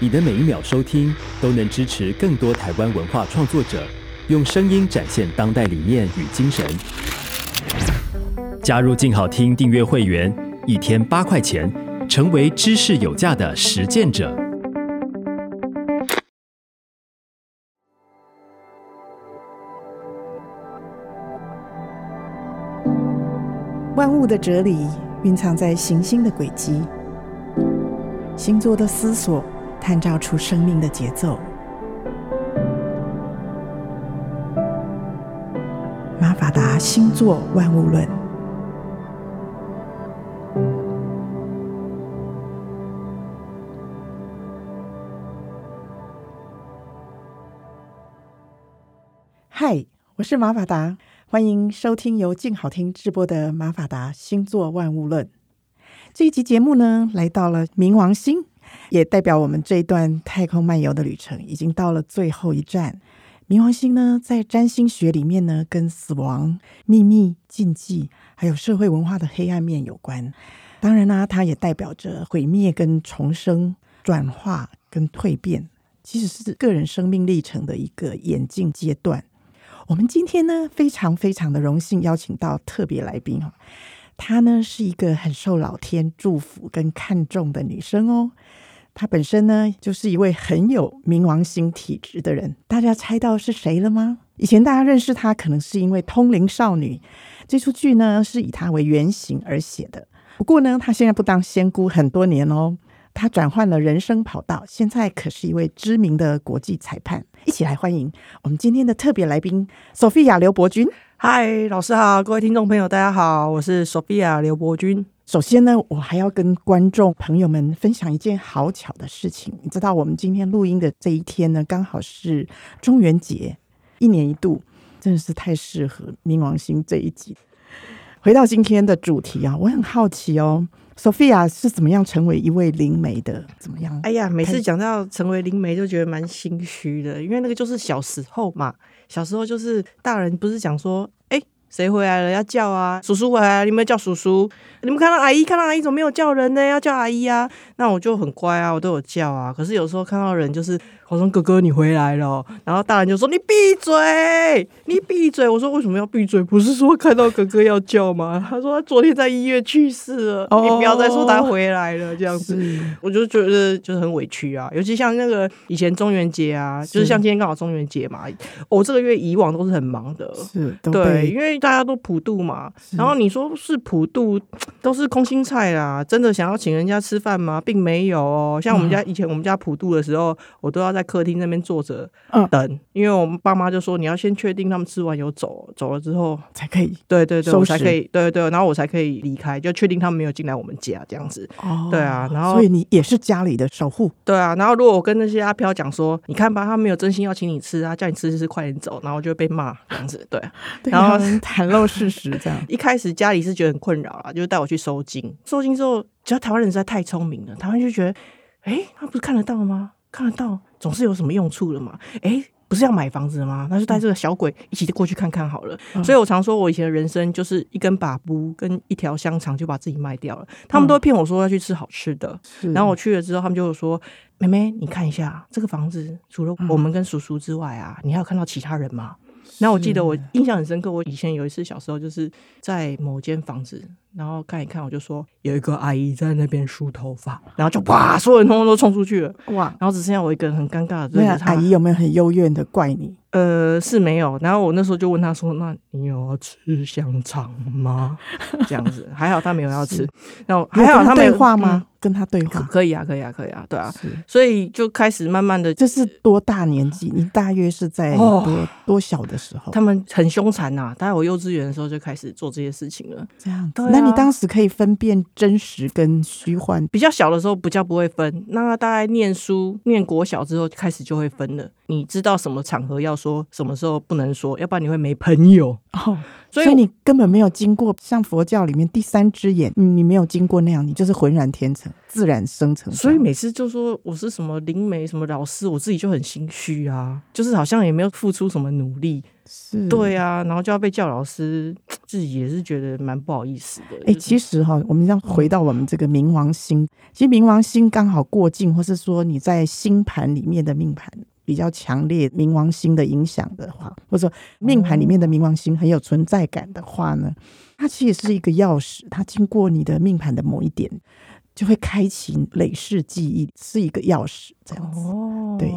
你的每一秒收聽，都能支持更多台灣文化創作者，用聲音展現當代理念與精神。加入靜好聽訂閱會員，一天八塊錢，成為知識有價的實踐者。萬物的哲理蘊藏在行星的軌跡，星座的思索。探照出生命的節奏，《馬法達星座萬物論》。嗨，我是馬法達，歡迎收聽由靜好聽直播的《馬法達星座萬物論》。這一集節目呢，來到了冥王星。也代表我們這一段太空漫遊的旅程已經到了最後一站。冥王星呢，在占星學裡面呢，跟死亡、秘密、禁忌，還有社會文化的黑暗面有關。當然呢、啊，它也代表着毀滅跟重生、轉化跟蛻變，其實是個人生命歷程的一個演進階段。我們今天呢，非常非常的榮幸邀請到特別來賓哈，她呢，是一個很受老天祝福跟看重的女生哦。她本身呢，就是一位很有冥王星體質的人。大家猜到是誰了嗎？以前大家認識她，可能是因為《通靈少女》這齣劇呢，是以她為原型而寫的。不過呢，她現在不當仙姑很多年哦，她轉換了人生跑道，現在可是一位知名的國際裁判。一起來歡迎我們今天的特別來賓 ——Sophia 劉柏君。嗨，老師好，各位聽眾朋友，大家好，我是 Sophia 劉柏君。首先呢，我還要跟觀眾朋友們分享一件好巧的事情。你知道我們今天錄音的這一天呢，剛好是中元節，一年一度，真的是太適合冥王星這一集。回到今天的主題啊，我很好奇哦，Sophia 是怎麼樣成為一位靈媒的？怎麼樣？哎呀，每次講到成為靈媒，就覺得蠻心虛的，因為那個就是小時候嘛，小時候就是大人不是講說，哎、欸。誰回來了要叫啊？叔叔回來了，你們叫叔叔。你們看到阿姨，看到阿姨怎麼沒有叫人呢？要叫阿姨啊。那我就很乖啊，我都有叫啊。可是有時候看到人就是。好像哥哥你回來了、哦，然後大人就說，你閉嘴，你閉嘴。我說為什麼要閉嘴？不是說看到哥哥要叫嗎？他說他昨天在醫院去世了，哦、你不要再說他回來了這樣子。是我就覺得就是很委屈啊，尤其像那個以前中元節啊，是就是像今天剛好中元節嘛。我、哦、這個月以往都是很忙的，是，對，對，因為大家都普渡嘛。是然後你說是普渡都是空心菜啦，真的想要請人家吃飯嗎？並沒有。哦。像我們家、嗯、以前我們家普渡的時候，我都要在。在客廳那邊坐着，嗯、等，因為我們爸媽就說你要先確定他們吃完有走，走了之後才可以，對對對，我才可以，對對、對，然後我才可以離開，就確定他們沒有進來我們家這樣子，哦，對啊，然後所以你也是家裡的守護，對啊，然後如果我跟那些阿飄講說，你看吧，他沒有真心要請你吃啊，叫你吃吃吃，快點走，然後就會被罵這樣子，對、啊，然後談論事實這樣，啊、 一開始家裡是覺得很困擾啊，就帶我去收驚，收驚之後，只要台灣人實在太聰明了，台灣就覺得，哎、欸，他不是看得到嗎？看得到。總是有什麼用處的嘛？哎、欸，不是要買房子嗎？那就帶這個小鬼一起過去看看好了。嗯、所以，我常說，我以前的人生就是一根把布跟一條香腸就把自己賣掉了。嗯、他們都騙我說要去吃好吃的，是然後我去了之後，他們就會說：“妹妹，你看一下這個房子，除了我們跟叔叔之外啊，嗯、你還有看到其他人嗎？”那是我記得我印象很深刻，我以前有一次小時候就是在某間房子。然後看一看，我就說有一個阿姨在那邊梳頭髮，然後就哇，所有人通通都衝出去了哇！然後只剩下我一個人，很尷尬。對啊，阿姨有沒有很幽怨的怪你？呃，是沒有。然後我那時候就問她說：“那你有要吃香腸嗎？”這樣子，還好她沒有要吃。然後還好她沒話嗎？跟她對話可以啊，可以啊，可以啊，對啊。所以就開始慢慢的。這是多大年紀？你大約是在多多小的時候？他們很凶殘吶！在我幼稚園的時候就開始做這些事情了。這樣對。你當時可以分辨真實跟虛幻，比較小的時候比較不會分，那大概念書念國小之後開始就會分了。你知道什麼場合要說，什麼時候不能說，要不然你會沒朋友。哦、所以，所以你根本沒有經過像佛教裡面第三隻眼、嗯，你沒有經過那樣，你就是渾然天成、自然生成。所以每次就說我是什麼靈媒、什麼老師，我自己就很心虛啊，就是好像也沒有付出什麼努力。是，對啊，然後就要被叫老師，自己也是覺得蠻不好意思的。欸、其實哈、喔，我們要回到我們這個冥王星，嗯、其實冥王星剛好過境，或是說你在星盤裡面的命盤比較強烈，冥王星的影響的話，或者說命盤裡面的冥王星很有存在感的話呢，哦、它其實是一個鑰匙，它經過你的命盤的某一點，就會開啟累世記憶，是一個鑰匙這樣子。哦、對，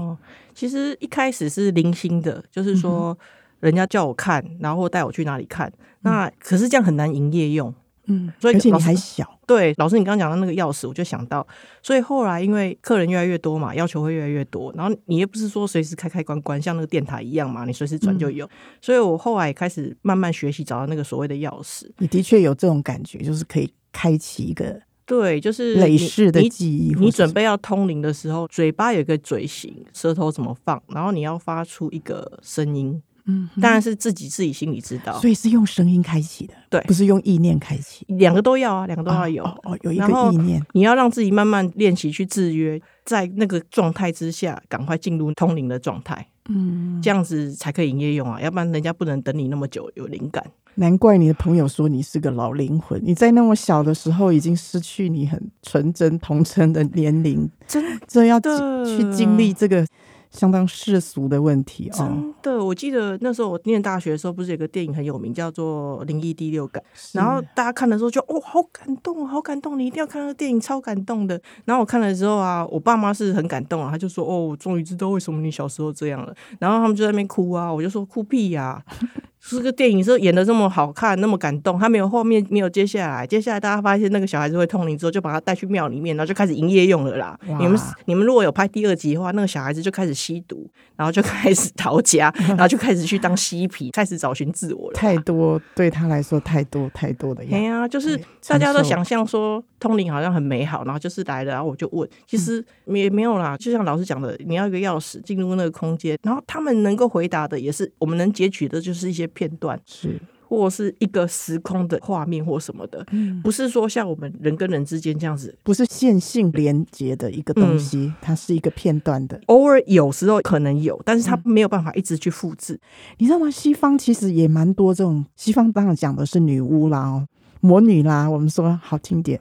其實一開始是零星的，就是說。嗯人家叫我看，然後帶我去哪裡看？嗯、那可是這樣很難營業用，嗯，所以而且你還小，對，老師，你剛剛講到那個鑰匙，我就想到，所以後來因為客人越來越多嘛，要求會越來越多，然後你也不是說隨時開開關關像那個電台一樣嘛，你隨時轉就有，嗯、所以，我後來也開始慢慢學習，找到那個所謂的鑰匙。你的確有這種感覺，就是可以開啟一個對，就是累世的記憶你準備要通靈的時候，嘴巴有一個嘴型，舌頭怎麼放，然後你要發出一個聲音。嗯，當然是自己自己心裡知道，嗯，所以是用聲音開啟的，對，不是用意念開啟，兩個都要啊，兩個都要有，哦，哦，哦，有一個意念，你要讓自己慢慢練習去制約，在那個狀態之下，趕快進入通靈的狀態，嗯，這樣子才可以營業用啊，要不然人家不能等你那麼久有靈感。難怪你的朋友說你是個老靈魂，你在那麼小的時候已經失去你很純真童真的年齡，真真的要對去經歷這個。相當世俗的問題啊！哦、真的，我記得那時候我念大學的時候，不是有個電影很有名，叫做《靈異第六感》。是然後大家看的時候就哦，好感動，好感動，你一定要看那個電影，超感動的。然後我看了之後啊，我爸媽是很感動啊，他就說哦，我終於知道為什麼你小時候這樣了。然後他們就在那邊哭啊，我就說哭屁呀、啊。 這個電影是演的這麼好看，那麼感動，他沒有後面，沒有接下來，接下來大家發現那個小孩子會通靈之後，就把他帶去廟裡面，然後就開始營業用了啦。哇你們你們如果有拍第二集的話，那個小孩子就開始吸毒，然後就開始逃家，然後就開始去當嬉皮， 開始找尋自我了。太多對他來說，太多太多的呀、啊，就是大家都想象說通靈好像很美好，然後就是來了，然後我就問，其實也沒有啦。就像老師講的，你要一個鑰匙進入那個空間，然後他們能夠回答的也是我們能截取的，就是一些片段，是或是一個時空的畫面或什麼的，嗯，不是說像我們人跟人之間這樣子，不是線性連接的一個東西，嗯，它是一個片段的。偶爾有時候可能有，但是它沒有辦法一直去複製，嗯，你知道嗎？西方其實也蠻多這種，西方當然講的是女巫啦，哦。魔女啦，我們說好聽點，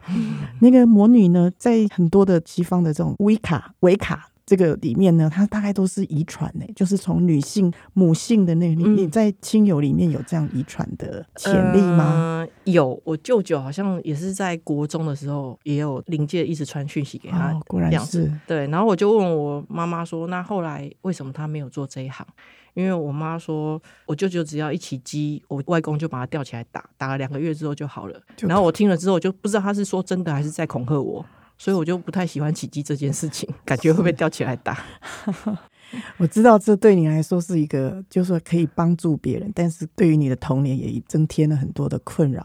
那個魔女呢，在很多的西方的這種維卡維卡這個裡面呢，它大概都是遺傳的，就是從女性母性的那個裡面，面、嗯、在親友裡面有這樣遺傳的潛力嗎？嗯呃。有，我舅舅好像也是在國中的時候也有靈界一直傳訊息給他。哦，果然是。對，然後我就問我媽媽說，那後來為什麼他沒有做這一行？因為我媽說，我舅舅只要一起乩，我外公就把他吊起來打，打了兩個月之後就好了。然後我聽了之後，就不知道他是說真的還是在恐嚇我，所以我就不太喜歡起乩這件事情，感覺會被吊起來打。 我知道這對你來說是一個，就是說可以幫助別人，但是對於你的童年也增添了很多的困擾。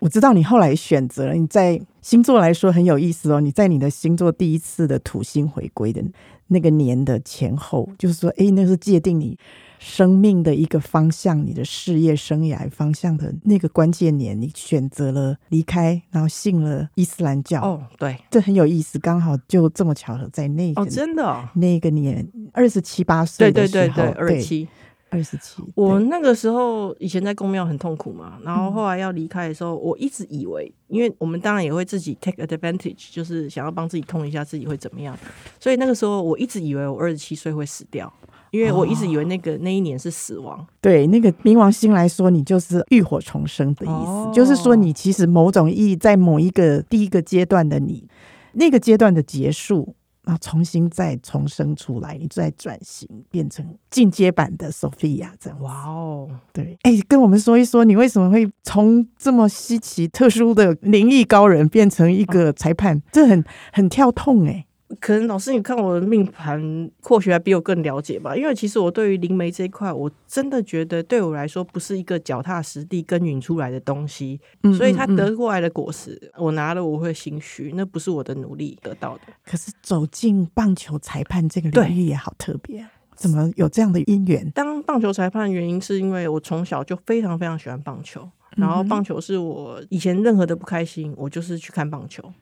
我知道你後來選擇了你在星座來說很有意思哦，你在你的星座第一次的土星回歸的那個年的前後，就是說，誒，那是界定你。生命的一個方向，你的事業生涯方向的那個關鍵年，你選擇了離開，然後信了伊斯蘭教。哦，oh, 對，這很有意思，剛好就這麼巧合在那個、oh, 哦，真的那個年二十七八歲的時候。對對對對，二十七，二十七。27, 我那個時候以前在宮廟很痛苦嘛，然後後來要離開的時候，嗯、我一直以為，因為我們當然也會自己 take advantage，就是想要幫自己痛一下，自己會怎麼樣。所以那個時候我一直以為我二十七歲會死掉。因為我一直以為那個、oh, 那一年是死亡，對那個冥王星來說，你就是浴火重生的意思，oh. 就是說你其實某種意義在某一個第一個階段的你，那個階段的結束，然後重新再重生出來，你再轉型變成進階版的 Sophia 這樣。哇哦，對，哎、欸，跟我們說一說，你為什麼會從這麼稀奇特殊的靈異高人變成一個裁判？Oh. 這很很跳痛哎、欸。可能老師，你看我的命盤，或許還比我更了解吧？因為其實我對於靈媒這一塊，我真的覺得對我來說不是一個腳踏實地耕耘出來的東西，嗯嗯嗯所以他得過來的果實，嗯嗯我拿了我會心虛，那不是我的努力得到的。可是走進棒球裁判這個領域也好特別、啊，對怎麼有這樣的因緣？當棒球裁判的原因是因為我從小就非常非常喜歡棒球，然後棒球是我以前任何的不開心，我就是去看棒球。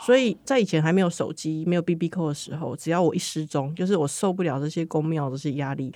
所以在以前還沒有手機、沒有 BB call 的時候，只要我一失蹤，就是我受不了這些宮廟這些壓力，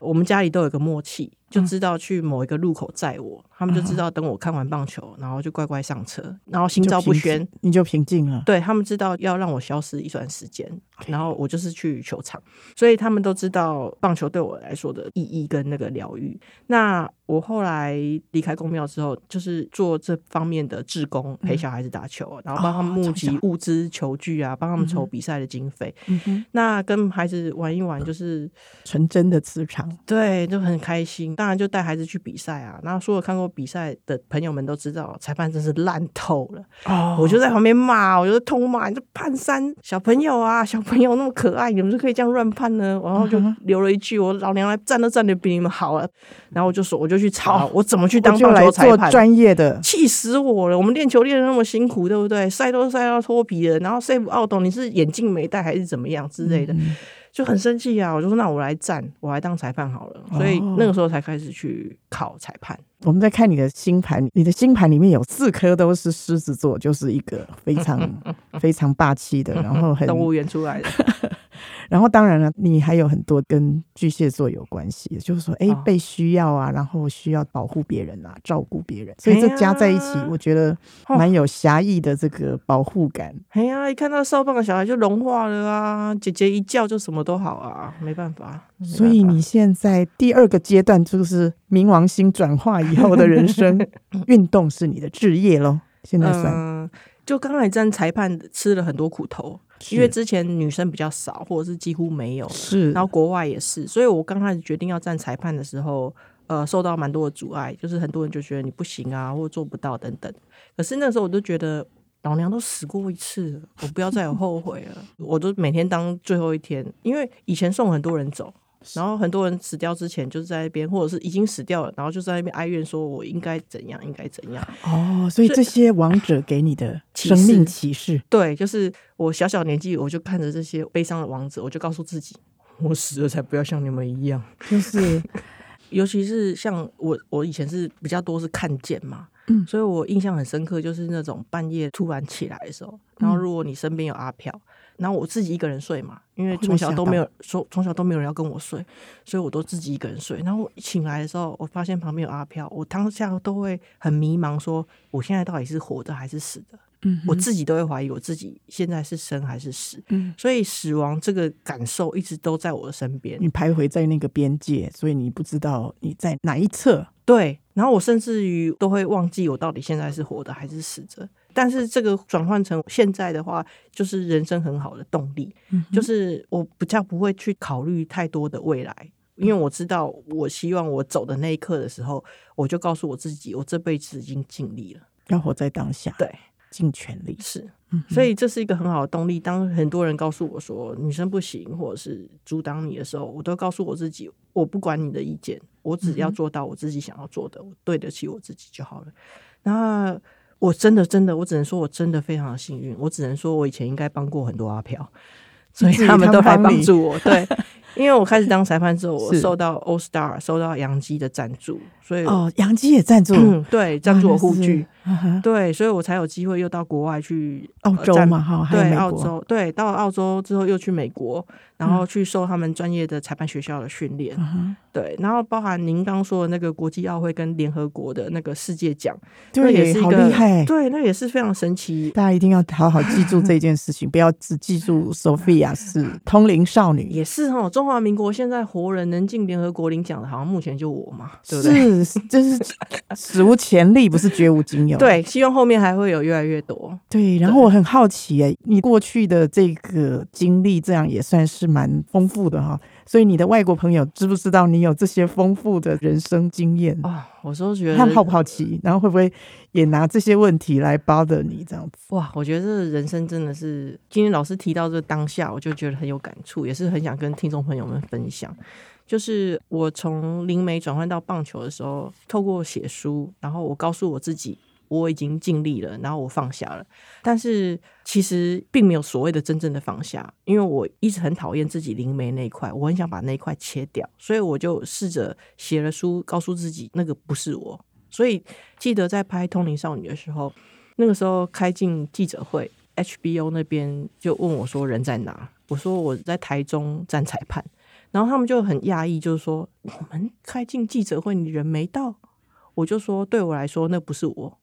我們家裡都有個默契，就知道去某一個路口載我。嗯他們就知道等我看完棒球，然後就乖乖上車，然後心照不宣，就你就平靜了。對，他們知道要讓我消失一段時間，然後我就是去球場，Okay. 所以他們都知道棒球對我來說的意義跟那個療癒。那我後來離開宮廟之後，就是做這方面的志工，陪小孩子打球，嗯、然後幫他們募集物資球具啊，幫、哦、他們籌比賽的經費。嗯、哼那跟孩子玩一玩就是純、嗯、真的磁場，對，就很開心。當然就帶孩子去比賽啊，那所有看過。比賽的朋友們都知道，裁判真是爛透了，oh, 我。我就在旁邊罵，我就痛罵：“你這判三小朋友啊，小朋友那麼可愛，你們就可以這樣亂判呢？”然後就留了一句：“我老娘來站都站的比你們好啊。”然後我就說：“我就去吵，oh, 我怎麼去當棒球裁判？”做專業的，氣死我了！我們練球練的那麼辛苦，對不對？曬都曬到脫皮了，然後 safe out，你是眼鏡沒戴還是怎麼樣之類的？Mm hmm. 就很生氣啊！我就說：“那我來站，我來當裁判好了。” oh. 所以那個時候才開始去考裁判。我們在看你的星盤，你的星盤裡面有四顆都是獅子座，就是一個非常嗯嗯嗯嗯非常霸氣的，嗯嗯然後很動物園出來的。 然後當然了，你還有很多跟巨蟹座有關係，也就是說，哎，被需要啊，哦、然後需要保護別人啊，照顧別人，所以這加在一起，哎、呀我覺得蠻有俠義的這個保護感。哦、哎呀，一看到少棒的小孩就融化了啊！姐姐一叫就什麼都好啊，沒辦法。沒辦法所以你現在第二個階段就是冥王星轉化以後的人生， 運動是你的職業嘍，現在算。嗯就剛開始站裁判吃了很多苦頭，因為之前女生比較少，或者是幾乎沒有，是。然後國外也是，所以我剛開始決定要站裁判的時候，呃，受到蠻多的阻礙，就是很多人就覺得你不行啊，或做不到等等。可是那時候我都覺得，老娘都死過一次了，我不要再有後悔了。 我都每天當最後一天，因為以前送很多人走。然後很多人死掉之前就是在那邊，或者是已經死掉了，然後就在那邊哀怨說：“我應該怎樣，應該怎樣。”哦，所以這些亡者給你的生命歧視啟示，對，就是我小小年紀我就看着這些悲傷的亡者，我就告訴自己，我死了才不要像你們一樣。就是， 尤其是像我，我以前是比較多是看見嘛，嗯，所以我印象很深刻，就是那種半夜突然起來的時候，然後如果你身邊有阿飄。然後我自己一個人睡嘛，因為從小都沒有，說，從小都沒有人要跟我睡，所以我都自己一個人睡。然後我醒來的時候，我發現旁邊有阿飄，我當下都會很迷茫，說我現在到底是活的還是死的？嗯哼，我自己都會懷疑我自己現在是生還是死？嗯，所以死亡這個感受一直都在我的身邊，你徘徊在那個邊界，所以你不知道你在哪一側。對，然後我甚至於都會忘記我到底現在是活的還是死着。但是這個轉換成現在的話，就是人生很好的動力。嗯、哼就是我比較不會去考慮太多的未來，因為我知道，我希望我走的那一刻的時候，我就告訴我自己，我這輩子已經盡力了，要活在當下，對，盡全力是。嗯、哼所以這是一個很好的動力。當很多人告訴我說女生不行，或者是阻擋你的時候，我都告訴我自己，我不管你的意見，我只要做到我自己想要做的，我對得起我自己就好了。然後、嗯哼。那我真的真的，我只能說，我真的非常的幸運。我只能說，我以前應該幫過很多阿飄，所以他們都來幫助我。對。因為我開始當裁判之後，我受到 All Star、受到洋基的贊助，所以哦，洋基也贊助，對，贊助我護具，對，所以我才有機會又到國外去澳洲嘛，對，澳洲，對，到澳洲之後又去美國，然後去受他們專業的裁判學校的訓練，對，然後包含您剛說的那個國際奧會跟聯合國的那個世界獎，那也是一個好厲害，對，那也是非常神奇，大家一定要好好記住這件事情，不要只記住 Sophia 是通靈少女，也是哈。中華民國現在活人能進聯合國領獎的，好像目前就我嘛，是不是？是，真、就是史無前例，不是絕無僅有。 對，希望後面還會有越來越多。對，然後我很好奇哎、欸，對你過去的這個經歷，這樣也算是蠻豐富的哈。所以你的外國朋友知不知道你有這些豐富的人生經驗啊、哦？我有時候覺得他們好不好奇，然後會不會也拿這些問題來扒着你這樣子？哇，我覺得這人生真的是，今天老師提到這個當下，我就覺得很有感觸，也是很想跟聽眾朋友們分享。就是我從靈媒轉換到棒球的時候，透過寫書，然後我告訴我自己。我已經盡力了，然後我放下了，但是其實並沒有所謂的真正的放下，因為我一直很討厭自己靈媒那一塊，我很想把那一塊切掉，所以我就試着寫了書，告訴自己那個不是我。所以記得在拍《通靈少女》的時候，那個時候開進記者會，HBO 那邊就問我說：“人在哪？”我說：“我在台中站裁判。”然後他們就很訝異，就是說：“我們開進記者會，你人沒到？”我就說：“對我來說，那不是我。”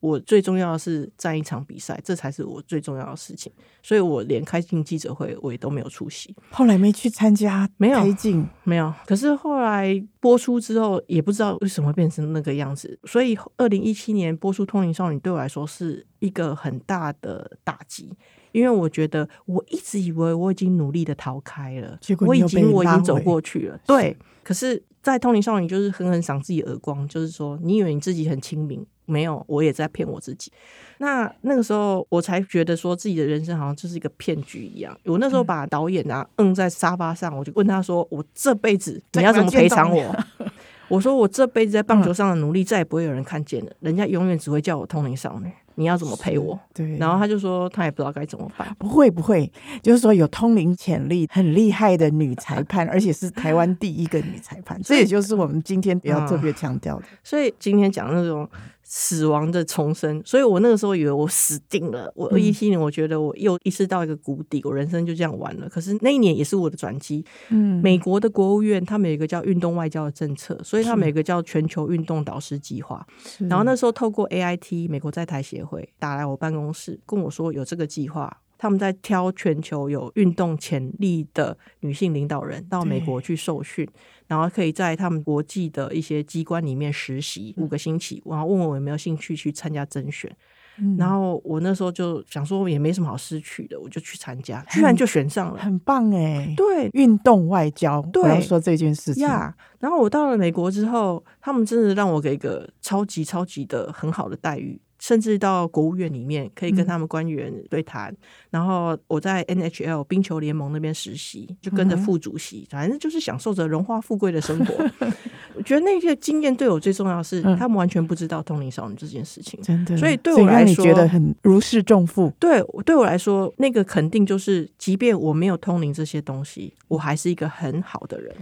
我最重要的是站一場比賽，這才是我最重要的事情，所以我連開鏡記者會我也都沒有出席。後來沒去參加，沒有開鏡，沒有。可是後來播出之後，也不知道為什麼會變成那個樣子。所以二零一七年播出《通靈少女》對我來說是一個很大的打擊，因為我覺得我一直以為我已經努力的逃開了，結果你我已經我已經走過去了。是對，可是，在《通靈少女》就是狠狠賞自己耳光，就是說，你以為你自己很清明。沒有，我也在騙我自己。那那個時候，我才覺得說自己的人生好像就是一個騙局一樣。我那時候把導演啊、嗯、摁在沙發上，我就問他說：“我這輩子你要怎麼賠償我？” 我說：“我這輩子在棒球上的努力再也不會有人看見了，嗯、人家永遠只會叫我通靈少女。”你要怎麼賠我？對。然後他就說他也不知道該怎麼辦。不會不會，就是說有通靈潛力很厲害的女裁判， 而且是台灣第一個女裁判，這也 以就是我們今天要特別強調的、嗯嗯。所以今天講的那種。死亡的重生，所以我那個時候以為我死定了。我二〇一七年，我覺得我又一次到一個谷底，我人生就這樣完了。可是那一年也是我的轉機。嗯，美國的國務院他們有一個叫運動外交的政策，所以他們有一個叫全球運動導師計劃。是然後那時候透過 A I T 美國在台協會打來我辦公室，跟我說有這個計劃，他們在挑全球有運動潛力的女性領導人到美國去受訓。然後可以在他們國際的一些機關裡面實習五個星期，嗯、然後問我有沒有興趣去參加甄選。嗯、然後我那時候就想說，也沒什麼好失去的，我就去參加，嗯、居然就選上了，很棒哎！對，運動外交，不對要說這件事情呀。Yeah, 然後我到了美國之後，他們真的讓我給一個超級超級的很好的待遇。甚至到國務院裡面可以跟他們官員對談，嗯、然後我在 NHL 冰球聯盟那邊實習，就跟着副主席，嗯、哼反正就是享受着榮華富貴的生活。 我覺得那些經驗對我最重要的是，嗯、他們完全不知道通靈少女這件事情，真的，所以對我來說，你覺得很如釋重負？對，對我來說，那個肯定就是，即便我沒有通靈這些東西，我還是一個很好的人。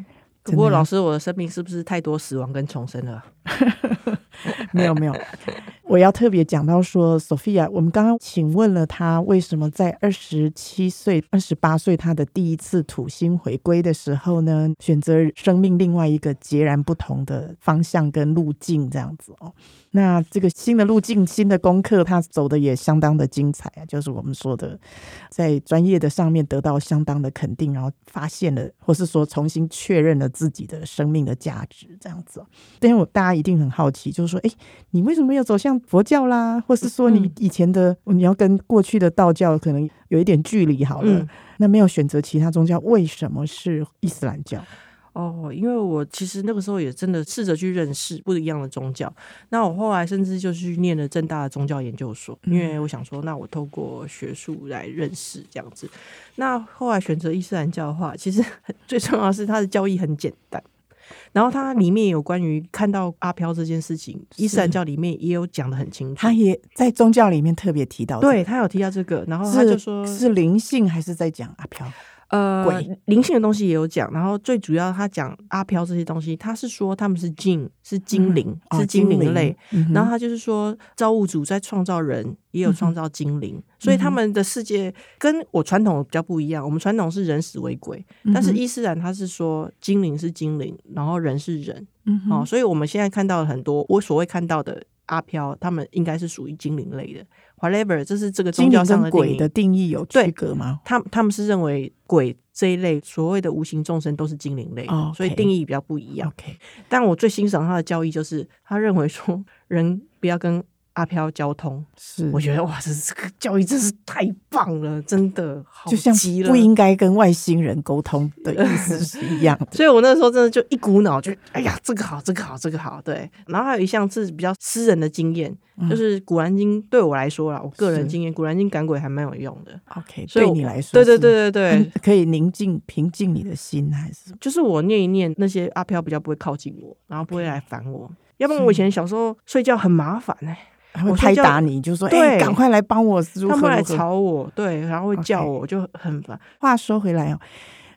真的啊？不過，老師，我的生命是不是太多死亡跟重生了？ 沒有，沒有。 我要特別講到說，Sophia，我們剛剛請問了她，為什麼在二十七歲、二十八歲她的第一次土星回歸的時候呢，選擇生命另外一個截然不同的方向跟路徑這樣子哦？那這個新的路徑、新的功課，她走的也相當的精彩啊，就是我們說的，在專業的上面得到相當的肯定，然後發現了，或是說重新確認了自己的生命的價值這樣子哦。但是我大家一定很好奇，就是說，哎、欸，你為什麼要走向？佛教啦，或是說你以前的，嗯、你要跟過去的道教可能有一點距離好了。嗯、那沒有選擇其他宗教，為什麼是伊斯蘭教？哦，因為我其實那個時候也真的試着去認識不一樣的宗教。那我後來甚至就去念了政大的宗教研究所，嗯、因為我想說，那我透過學術來認識這樣子。那後來選擇伊斯蘭教的話，其實最重要是它的教義很簡單。然後他裡面有關於看到阿飄這件事情，是伊斯蘭教裡面也有講得很清楚，他也在宗教裡面特別提到，這個，對，他有提到這個，然後他就說，是，是靈性還是在講阿飄？呃，靈性的東西也有講，然後最主要他講阿飄這些東西，他是說他們是精，是精靈，嗯哦、是精靈類，嗯、哼然後他就是說造物主在創造人，也有創造精靈，嗯、哼所以他們的世界跟我傳統比較不一樣。我們傳統是人死為鬼，但是伊斯蘭他是說精靈是精靈，然後人是人，嗯、哼哦，所以我們現在看到很多我所謂看到的阿飄，他們應該是屬於精靈類的。Whatever，這是這個宗教上的鬼的定義，有區隔嗎？他他們是認為鬼這一類所謂的無形眾生都是精靈類。oh, okay. 所以定義比較不一樣。Okay. 但我最欣賞他的教義就是，他認為說人不要跟。阿飄交通是，我覺得哇，這這個教育真是太棒了，真的好極了，就像不應該跟外星人溝通的意思是一樣。 對所以，我那時候真的就一股腦，就，哎呀，這個好，這個好，這個好。對，然後還有一項是比較私人的經驗，嗯、就是《古蘭經》對我來說了。我個人經驗，是《古蘭經》趕鬼還蠻有用的。OK，對你來說，對對對對對， 可以寧靜平靜你的心，還是就是我念一念那些阿飄，比較不會靠近我，然後不會來煩我。Okay. 要不然我以前小時候睡覺很麻煩哎、欸。還會拍打你，就說：“哎對，趕快來幫我！”如何如何。他們來吵我，對，然後會叫我，我就很煩。Okay. 話說回來哦、喔，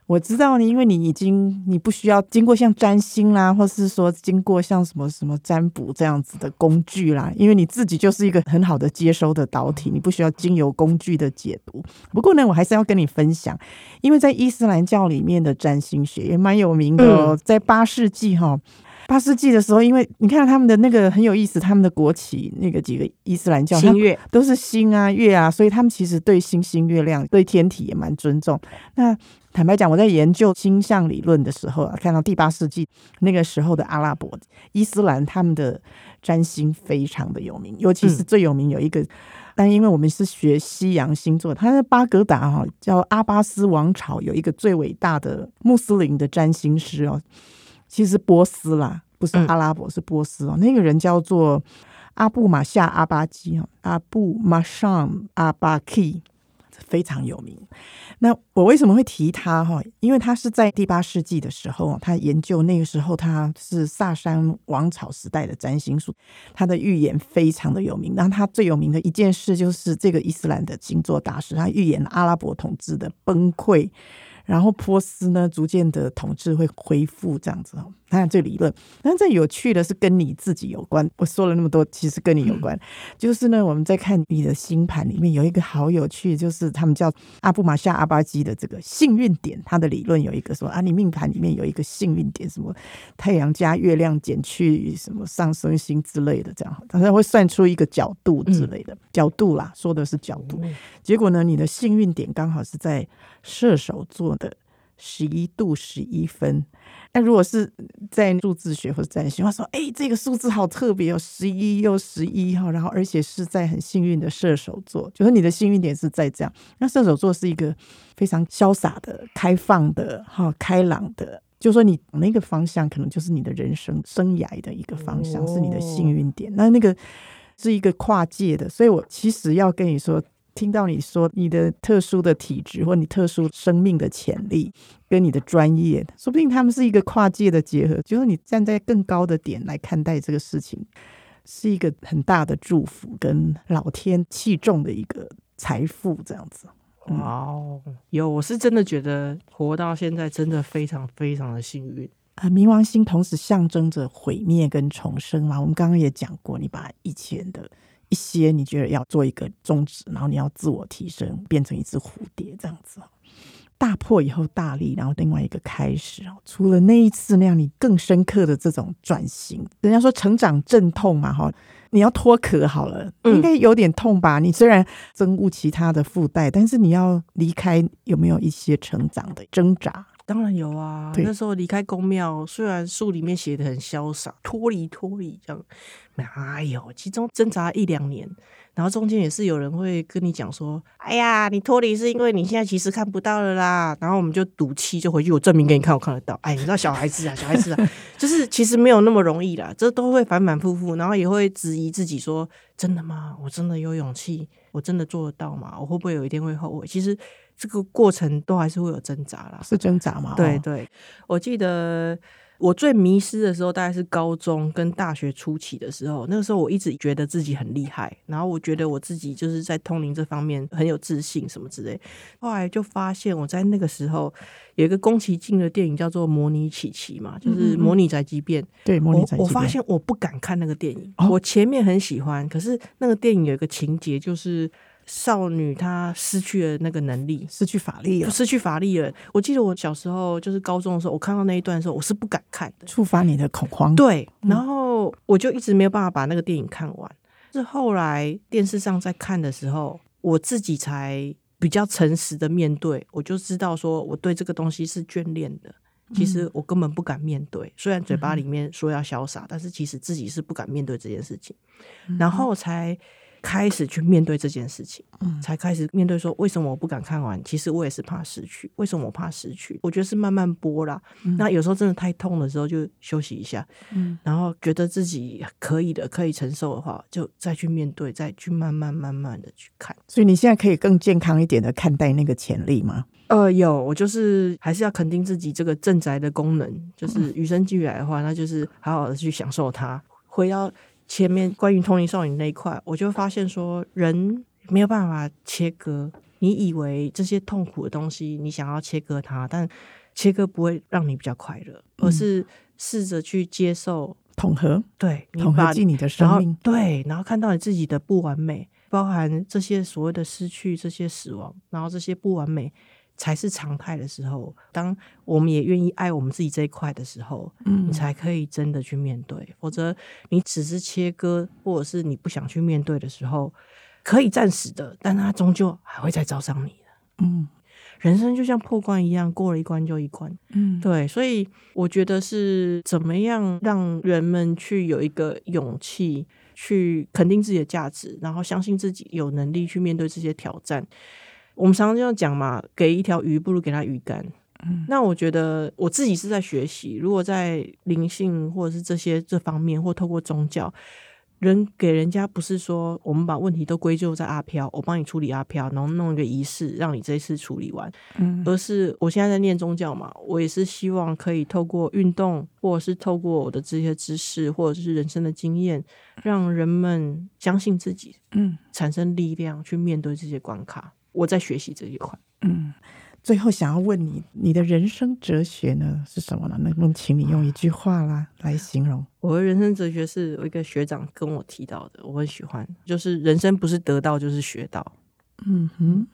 我知道你，因為你已經你不需要經過像占星啦，或是說經過像什麼什麼占卜這樣子的工具啦，因為你自己就是一個很好的接收的導體，你不需要經由工具的解讀。不過呢，我還是要跟你分享，因為在伊斯蘭教裡面的占星學也蠻有名的、喔，嗯、在八世紀哈、喔。八世紀的時候，因為你看他們的那個很有意思，他們的國旗那個幾個伊斯蘭教星都是星啊月啊，所以他們其實對星星月亮對天體也蠻尊重。那坦白講，我在研究星象理論的時候啊，看到第八世紀那個時候的阿拉伯伊斯蘭，他們的占星非常的有名，尤其是最有名有一個，嗯、但因為我們是學西洋星座，他在巴格達哈，叫阿巴斯王朝有一個最偉大的穆斯林的占星師哦。其實波斯啦，不是阿拉伯，嗯、是波斯哦。那個人叫做阿布馬夏阿巴基啊，阿布馬夏阿巴基非常有名。那我為什麼會提他哈？因為他是在第八世紀的時候，他研究，那個時候他是薩珊王朝時代的占星術，他的預言非常的有名。然後他最有名的一件事就是這個伊斯蘭的星座大師，他預言阿拉伯統治的崩潰。然後波斯呢，逐漸的統治會恢復這樣子。那這理論，那這有趣的是跟你自己有關。我說了那麼多，其實跟你有關。嗯、就是呢，我們在看你的星盤裡面有一個好有趣，就是他們叫阿布馬夏阿巴基的這個幸運點。他的理論有一個說，啊，你命盤裡面有一個幸運點，什麼太陽加月亮減去什麼上升星之類的，這樣，他他會算出一個角度之類的、嗯、角度啦，說的是角度。嗯、結果呢，你的幸運點剛好是在射手座的。十一度十一分，那如果是在數字學或者在喜歡說，哎、欸，這個數字好特別哦、喔，十一又十一哈，然後而且是在很幸運的射手座，就說、是、你的幸運點是在這樣。那射手座是一個非常瀟灑的、開放的、哈、喔、開朗的，就說你那個方向可能就是你的人生生涯的一個方向，哦、是你的幸運點。那那個是一個跨界的，所以我其實要跟你說。聽到你說你的特殊的體質，或你特殊生命的潛力，跟你的專業，說不定他們是一個跨界的結合。就是你站在更高的點來看待這個事情，是一個很大的祝福，跟老天器重的一個財富，這樣子。嗯、哦，有，我是真的覺得活到現在真的非常非常的幸運啊！冥王星同時象徵着毀滅跟重生嘛，我們剛剛也講過，你把以前的。一些你覺得要做一個宗旨，然後你要自我提升，變成一隻蝴蝶這樣子，大破以後大立，然後另外一個開始哦。除了那一次讓你更深刻的這種轉型，人家說成長陣痛嘛哈，你要脫殼好了，嗯、應該有點痛吧？你雖然憎惡其他的附帶，但是你要離開，有沒有一些成長的掙扎？當然有啊，對那時候離開宮廟，雖然書裡面寫的很瀟灑，脫離脫離這樣，哎呦，其中掙扎了一兩年，然後中間也是有人會跟你講說，哎呀，你脫離是因為你現在其實看不到了啦，然後我們就賭氣就回去，我證明給你看，我看得到，哎，你知道小孩子啊，小孩子啊， 就是其實沒有那麼容易啦，這都會反反复复，然後也會質疑自己說，真的嗎？我真的有勇氣？我真的做得到嗎？我會不會有一天會後悔？其實。這個過程都還是會有掙扎啦，是掙扎嗎？哦、對對，我記得我最迷失的時候大概是高中跟大學初期的時候，那個時候我一直覺得自己很厲害，然後我覺得我自己就是在通靈這方面很有自信什麼之類。後來就發現我在那個時候有一個宮崎駿的電影叫做《魔女琪琪》嘛，嗯嗯，就是《魔女宅急便》。對，魔女宅急便。我我發現我不敢看那個電影，哦、我前面很喜歡，可是那個電影有一個情節就是。少女她失去了那個能力，失去法力了，失去法力了。我記得我小時候就是高中的時候，我看到那一段的時候，我是不敢看的，觸發你的恐慌。對，然後我就一直沒有辦法把那個電影看完。嗯、是後來電視上在看的時候，我自己才比較誠實的面對，我就知道說我對這個東西是眷戀的。其實我根本不敢面對，嗯、雖然嘴巴裡面說要瀟灑，嗯、但是其實自己是不敢面對這件事情，嗯、然後才。開始去面對這件事情，嗯，才開始面對說為什麼我不敢看完？其實我也是怕失去。為什麼我怕失去？我覺得是慢慢播啦。嗯、那有時候真的太痛的時候，就休息一下，嗯，然後覺得自己可以的，可以承受的話，就再去面對，再去慢慢慢慢的去看。所以你現在可以更健康一點的看待那個潛力嗎？呃，有，我就是還是要肯定自己這個鎮宅的功能，就是與生俱來的話，嗯、那就是好好的去享受它，回到。前面關於《通靈少女》那一塊，我就發現說，人沒有辦法切割。你以為這些痛苦的東西，你想要切割它，但切割不會讓你比較快樂，而是試着去接受，嗯、對統合。對把，統合進你的生命。對，然後看到你自己的不完美，包含這些所謂的失去、這些死亡，然後這些不完美。才是常態的時候。當我們也願意愛我們自己這一塊的時候，嗯，你才可以真的去面對。否則，你只是切割，或者是你不想去面對的時候，可以暫時的，但它終究還會再找上你。嗯，人生就像破關一樣，過了一關就一關。嗯，對。所以，我覺得是怎麼樣讓人們去有一個勇氣，去肯定自己的價值，然後相信自己有能力去面對這些挑戰。我們常常這樣講嘛，給一條魚不如給他魚竿。嗯，那我覺得我自己是在學習。如果在靈性或者是這些這方面，或透過宗教，人給人家不是說我們把問題都歸咎在阿飄，我幫你處理阿飄，然後弄一個儀式讓你這一次處理完。嗯，而是我現在在念宗教嘛，我也是希望可以透過運動，或者是透過我的這些知識，或者是人生的經驗，讓人們相信自己，嗯，產生力量去面對這些關卡。我在學習這一塊。嗯，最後想要問你，你的人生哲學呢是什麼呢？能夠請你用一句話啦來形容。我的人生哲學是，有一個學長跟我提到的，我很喜歡，就是人生不是得到就是學到。嗯哼。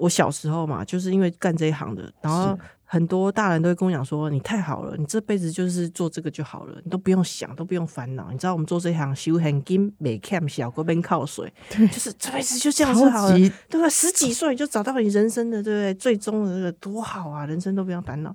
我小時候嘛，就是因為幹這一行的，然後很多大人都會跟我講說：“是你太好了，你這輩子就是做這個就好了，你都不用想，都不用煩惱。”你知道我們做這一行，收現金，每 camp 小河邊靠水，對就是這輩子就這樣子好了，級對吧？十幾歲就找到你人生的對，不對超最終的那、這個多好啊！人生都不用煩惱，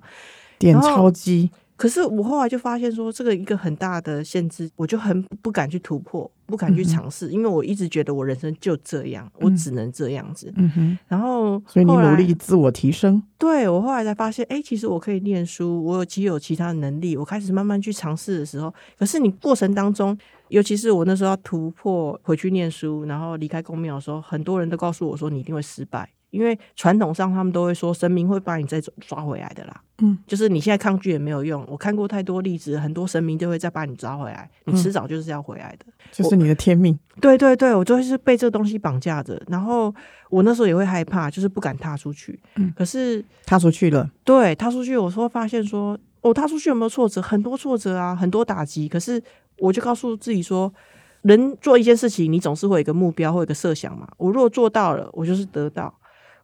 點鈔機。可是我後來就發現說，這個一個很大的限制，我就很不敢去突破，不敢去嘗試，嗯、哼因為我一直覺得我人生就這樣，嗯、哼我只能這樣子。嗯哼。然後、後，所以你努力自我提升。對，我後來才發現，誒，其實我可以念書，我有其有其他的能力。我開始慢慢去嘗試的時候，可是你過程當中，尤其是我那時候要突破回去念書，然後離開宮廟的時候，很多人都告訴我說，你一定會失敗。因為傳統上他們都會說，神明會把你再抓回來的啦，嗯，就是你現在抗拒也沒有用。我看過太多例子，很多神明就會再把你抓回來，你遲早就是要回來的，嗯、我就是你的天命。對對對，我就是被這個東西綁架着。然後我那時候也會害怕，就是不敢踏出去。嗯，可是踏出去了，對，踏出去，我會發現說，我、哦、踏出去有沒有挫折？很多挫折啊，很多打擊。可是我就告訴自己說，人做一件事情，你總是會有一個目標或一個設想嘛。我如果做到了，我就是得到。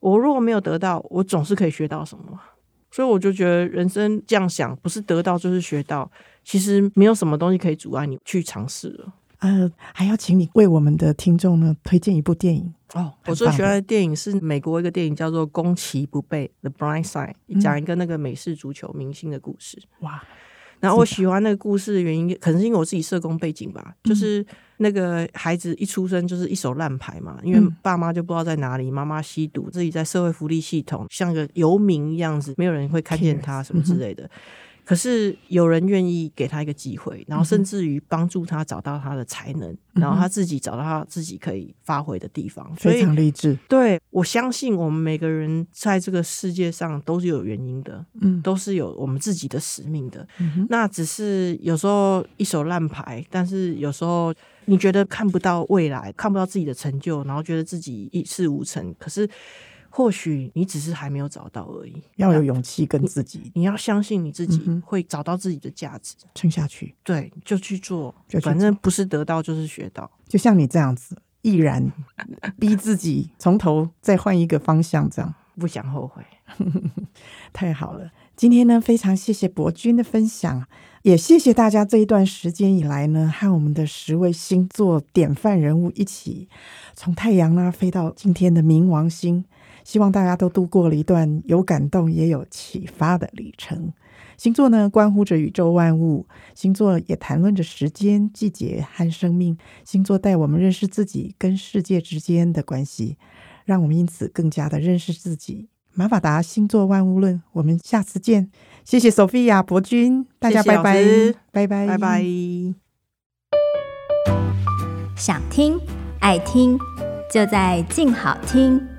我如果沒有得到，我總是可以學到什麼，所以我就覺得人生這樣想，不是得到就是學到。其實沒有什麼東西可以阻礙你去嘗試。呃，還要請你為我們的聽眾呢，推薦一部電影哦。我最喜歡的電影是美國一個電影叫做《宮崎不備》The Bright Side，講一個那個美式足球明星的故事。嗯、哇！然後我喜歡那個故事的原因，是的、可能是因為我自己社工背景吧。嗯、就是那個孩子一出生就是一手爛牌嘛，嗯、因為爸媽就不知道在哪裡，媽媽吸毒，自己在社會福利系統像個游民一樣子，沒有人會看見他，天啊、什麼之類的。嗯可是有人願意給他一個機會，然後甚至於幫助他找到他的才能，嗯、哼然後他自己找到他自己可以發揮的地方，非常勵志。對，我相信，我們每個人在這個世界上都是有原因的，嗯，都是有我們自己的使命的。嗯、哼那只是有時候一手爛牌，但是有時候你覺得看不到未來看不到自己的成就，然後覺得自己一事無成，可是。或許你只是還沒有找到而已，要有勇氣跟自己你，你要相信你自己會找到自己的價值，撐下去。對，就去做，就去做，反正不是得到就是學到。就像你這樣子，毅然逼自己從頭再換一個方向，這樣 不想後悔。 太好了， 今天呢，非常謝謝柏君的分享，也謝謝大家這一段時間以來呢，和我們的十位星座典範人物一起，從太陽那、啊、飛到今天的冥王星。希望大家都度過了一段有感動也有啟發的旅程。星座呢，關乎着宇宙萬物；星座也談論着時間、季節和生命。星座帶我們認識自己跟世界之間的關係，讓我們因此更加的認識自己。馬法達星座萬物論，我們下次見。謝謝索菲亞柏君，大家拜拜，拜拜拜拜。拜拜。想聽愛聽，就在靜好聽。